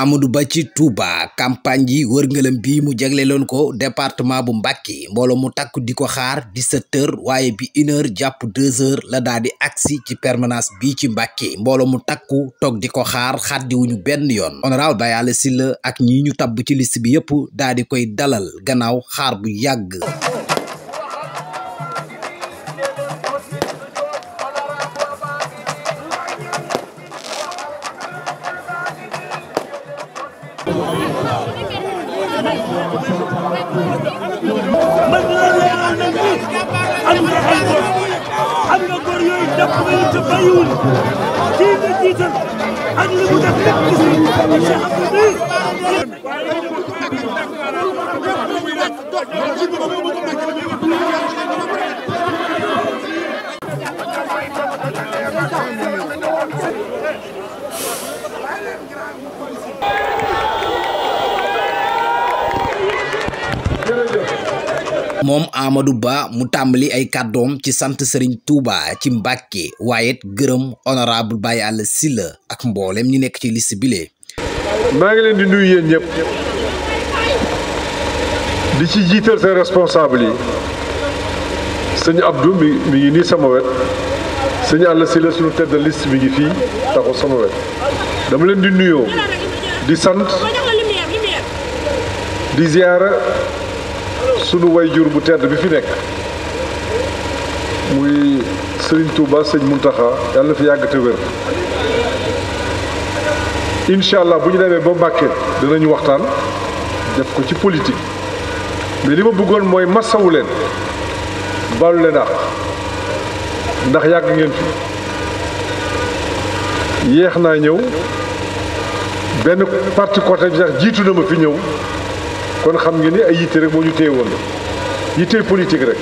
Amadou Ba ci Touba campagne yi wërngalam bi mu loon ko département bu Mbacké mboolo mu takk di ko xaar di h waaye bi uneur jàpp deux heures la daal di agsi ci permanence bi ci Mbacké mboolo mu takku toog di ko xaar xaddi wuñu benn yoon honorable Baye si la ak ñii ñu tabb ci liste bi yëpp daal di koy dalal gannaaw xaar bu yàgg am nga ay góor am nga góor yooyu dëpp nañu te bàyyiwul kii nga jiital ak li mu def lépp gis nga Cheikh Abdou Ndiaye. waaye moom Amadou Ba mu tàmbali ay kàddoom ci sant Serigne Touba ci Mbàkke waaye gërëm honorable Baye Alla Sylla ak mboolem ñi nekk ci liste bile. maa ngi leen di nuyu yéen ñëpp di ci jiital seen responsable yi sëñ Abdou mi mi ngi nii sama wet sëñ Alla Sylla suñu tête de liste mi ngi fii taxaw sama wet dama leen di nuyoo di sant di ziara. sunu wayjur bu tedd bi fi nekk muy sëriñ Touba sëñ Muntaxa yàlla na fi yàgg te wér incha allah bu ñu demee ba Mbàkke dinañu waxtaan def ko ci politique mais li ma bëggoon mooy masawu leen baalu leen àq ndax yàgg ngeen fi yéex naa ñëw benn parti côté bi sax jiitu na ma fi ñëw kon xam nga ni ay yitte rek moo ñu téye woon yitte politique rek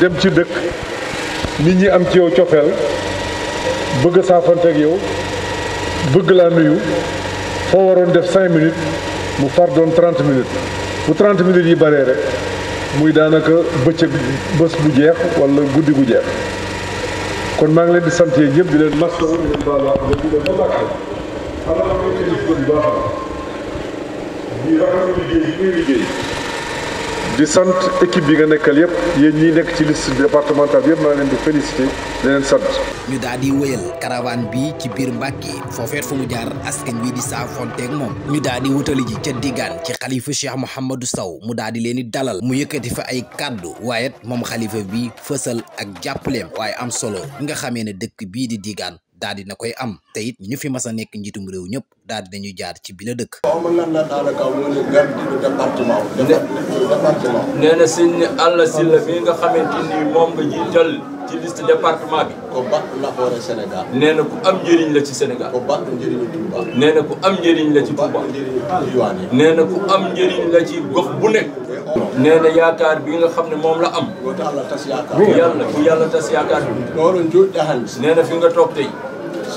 dem ci dëkk nit ñi am ci yow cofeel bëgg saafante ak yow bëgg laa nuyu foo waroon def cinq minutes mu far doon trente minutes bu trent minutes yi baree rek muy daanaka bëccëg bës bu jeex walla guddi gu jeex kon maa ngi leen di sant yéen ñëpp di leen mastaw di leen baal di leen ba bàkke di bi liggéey di sant équipe bi nga nekkal yëpp yéen ñi nekk ci liste départementale bi yëpp leen di félicité di sant. ñu daal di wëyal bi ci biir Mbàkke foofeet fu mu jaar askan wi di saafonteek moom ñu daal di wutali ji ca diggaan ci xalifa Cheikh Mouhamadou saw mu daal leen di dalal mu yëkkati fa ay kàddu waaye moom xalifa bi fësal ak jàppaleem waaye am solo nga xamee ne dëkk bii di diggaan daal di na koy am te ñu fi mas a nekk njiitum réew ñëpp daal di nañu jaar ci bile dëkk. waaw man lan la daanaka mu ne garde du département. département. nga xamante ni moom nga jiital ci liste département bi. ko ku am njëriñ la ci Sénégal. ko ba njëriñu Touba. ku am njëriñ la ci gox bu nekk. nee na bi nga xam ne moom la am. yàlla bu yàlla tas yaakaar bi. loolu fi nga toog tey.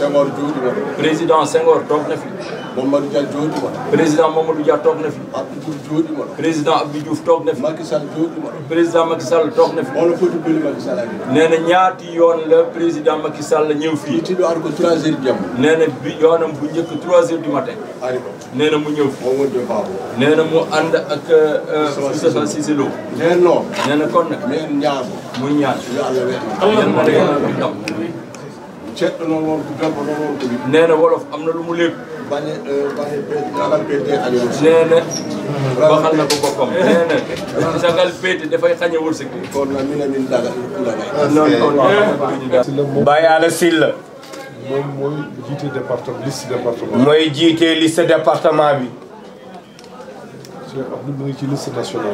Senghor jooju woon. président Senghor toog na fi. Mamadou Dia jooju woon. président Mamadou Dia toog na fi. Abdou Diouf jooju woon. président Abdou Diouf toog na fi. Macky Sall jooju woon. président Macky Sall toog na fi. moo la foti bëri Macky Sall ak nee na ñaati yoon la président Macky Sall ñëw fii. ñu tuddee ko 3 heures jàmm. nee na bi yoonam bu njëkk 3 heures du matin. ari ko nee na mu ñëw fi. moo wënde Babou. nee na mu ànd ak. Sousa euh, euh, Cissé Lo. nee na non. nee na kon nag. nee na ñaan. muy ñaan. yàlla wér. am na ceeb na loolu nee na wolof am na lu mu lépp. bañ a euh, bañ a ragal péete alliance. nee na. a wërsëg. kon nag ñu ne ñu daga daga. Ah, Baye Alla Sylla. moom mooy jiite liste département. bi.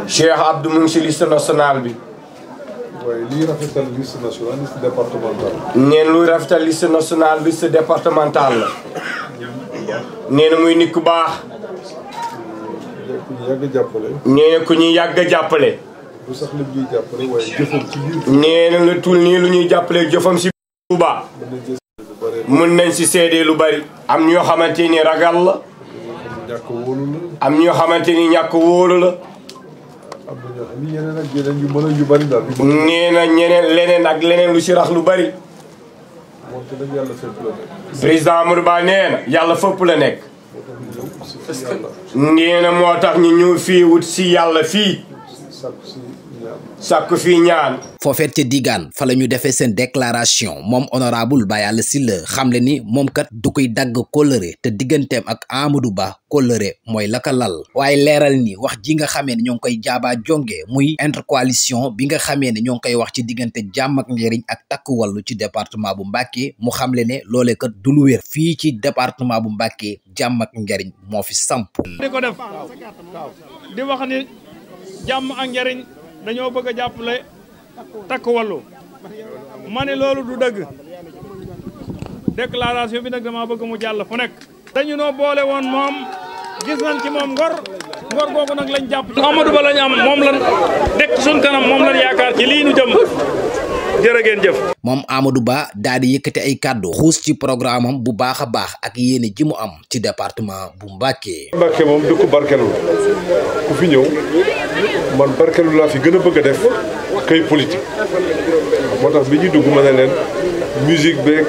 Cheikh Abdou mu ngi ci liste nationale bi. bi. waaye liy rafetal liste nationale liste départementale. neen luy rafetal liste nationale liste départementale la. nee na muy nit ku baax. nee ku ñuy yàgg jàppale. du sax lim ñuy jàppale na lu tul nii lu ñuy jàppale jëfam si biir Touba. mën nañ si seede lu bari. am ñoo xamante ni ragal la. am ñoo xamante ñàkk wóolu la. nee na ñeneen leneen ak leneen lu ci rax lu bari. président Amadou Ba nee na yàlla fépp la nekk. nee moo tax ñu ñëw fii wut ci yàlla fii. sàkk fii ñaan. foofeet ca digaan fa la ñu defee seen déclaration moom honorable Bayalla Sylla xamle ni moom kat du koy dagg kóllëre te digganteem ak Amadou Ba kóllëre mooy laka lal waaye leeral ni wax ji nga xamee ne ñoo ngi koy jaabaa jonge muy intercoalition bi nga xamee ne ñoo ngi koy wax ci diggante jàmm ak njëriñ ak takk wàllu ci département bu Mbacké mu xamle ne loolee kat du lu fii ci département bu Mbacké jàmm ak njëriñ moo fi samp dañoo bëgg a jàppale takk wallu ma ne loolu du dëgg déclaration bi nag dama bëgg mu jàll fu nekk dañu noo boole woon moom gis nañ ci moom ngor ngor googu nag lañ jàpp Amadou Ba moom lan dekk suñ kanam moom jëf moom Amadou Ba yëkkati ay kàddu xuus ci programme am bu baax a baax ak yéene ji mu am ci département bu Mbacké Mbacké moom du ko ku fi ñëw man barkelu laa fi gën a bëgg a def kay politique moo tax bi ñuy dugg ma ne leen musique beeg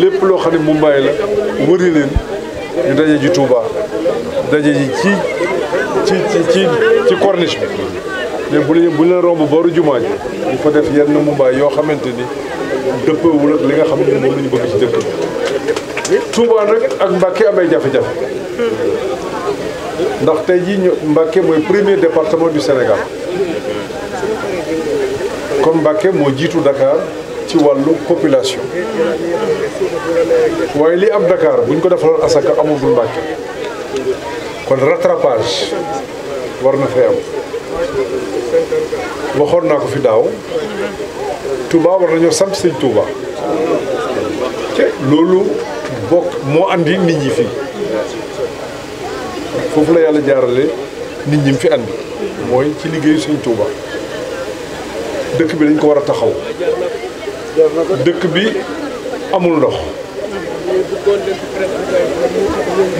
lépp loo xam ne Mumbaay la wëri leen ñu daje ji Touba daje ji ci ci ci ci corniche bi mais bu bu leen romb booru jumaa ji ñu fa def yenn Mumbaay yoo xamante ni dëppewul ak li nga xamante ne moom la ñu bëgg ci dëkk Touba nag ak Mbàkke amay jafe-jafe ndax tey jii ñu Mbacké mooy premier département du Sénégal kon Mbacké moo jiitu Dakar ci wàllu population waaye li am Dakar buñ ko defaloon asaka amagul Mbacké kon rattrapage war na fee am waxoon naa ko fi daaw Touba war nañoo sant sëñ Touba te loolu bokk moo andi nit ñi fii foofu la yàlla jaarale nit ñi mu fi andi mooy ci liggéeyu Sëñ Tuuba dëkk bi dañ ko war a taxaw dëkk bi amul ndox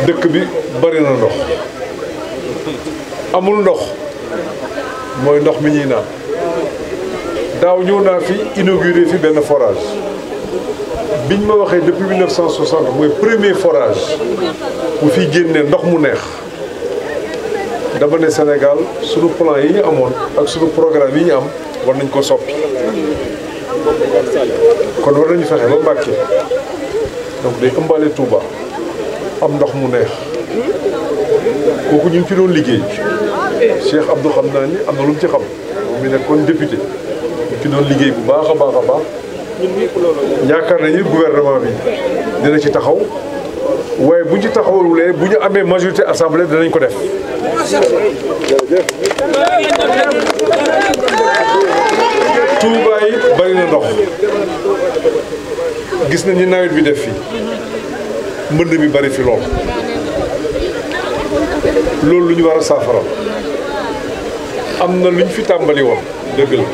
dëkk bi bari na ndox amul ndox mooy ndox mi ñuy naan daaw ñëw naa fi inauguré fi benn forage ñu ma waxee depuis 1960 mooy premier forage bu fi génnee ndox mu neex dama ne Sénégal sunu plan yi ñu amoon ak sunu programme yi ñu am war nañ ko soppi kon war nañu fexe ba Mbàkke donc day ëmbaale tuuba am ndox mu neex kooku ñu ngi ci doon liggéey Cheikh Abdou xam naa ni am na lu mu ci xam moom mi nekkoon député ñu ci doon liggéey bu baax a baax a baax yaakaar nañu gouvernement bi dina ci taxaw waaye bu ñu ci taxawulee bu ñu amee majorité assemblée danañ ko def. Touba yi bari na ndox gis nañu nawet bi def fii mbënn mi bari fi lool loolu lu ñu war a saafara am na lu ñu fi tàmbali woon dëgg la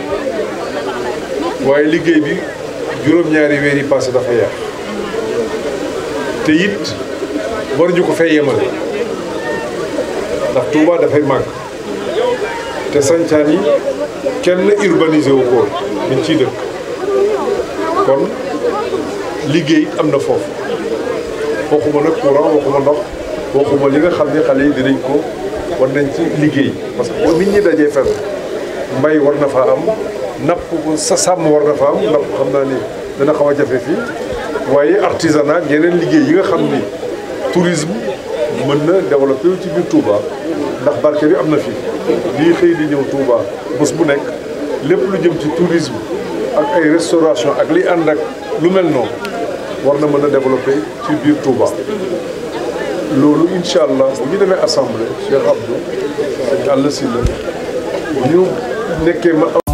waaye liggéey bi juróom-ñaari weer yi passé dafa te it. war waruñu ko fee yemale ndax Touba dafay màgg te sancaan yi kenn urbanisé wu ko dañ ciy dëkk kon liggéey am na foofu waxuma nag courant waxuma ndox waxuma li nga xam ni xale yi dinañ ko war nañ ci liggéey parce que boo nit ñi dajee fenn mbay war na fa am napp sa sàmm war na fa am napp xam naa ni dana xaw a jafe fii waaye artisanat yeneen liggéey yi nga xam ni tourisme mën na développé ci biir Touba ndax barke bi am na fi lii xëy di ñëw Touba bés bu nekk lépp lu jëm ci tourisme ak ay restauration ak li ànd ak lu mel noonu war na mën a développé ci biir Touba. loolu incha allah bu ñu demee assemblée Cheikh Abdou ak Alla Sylla ñu nekkee ma.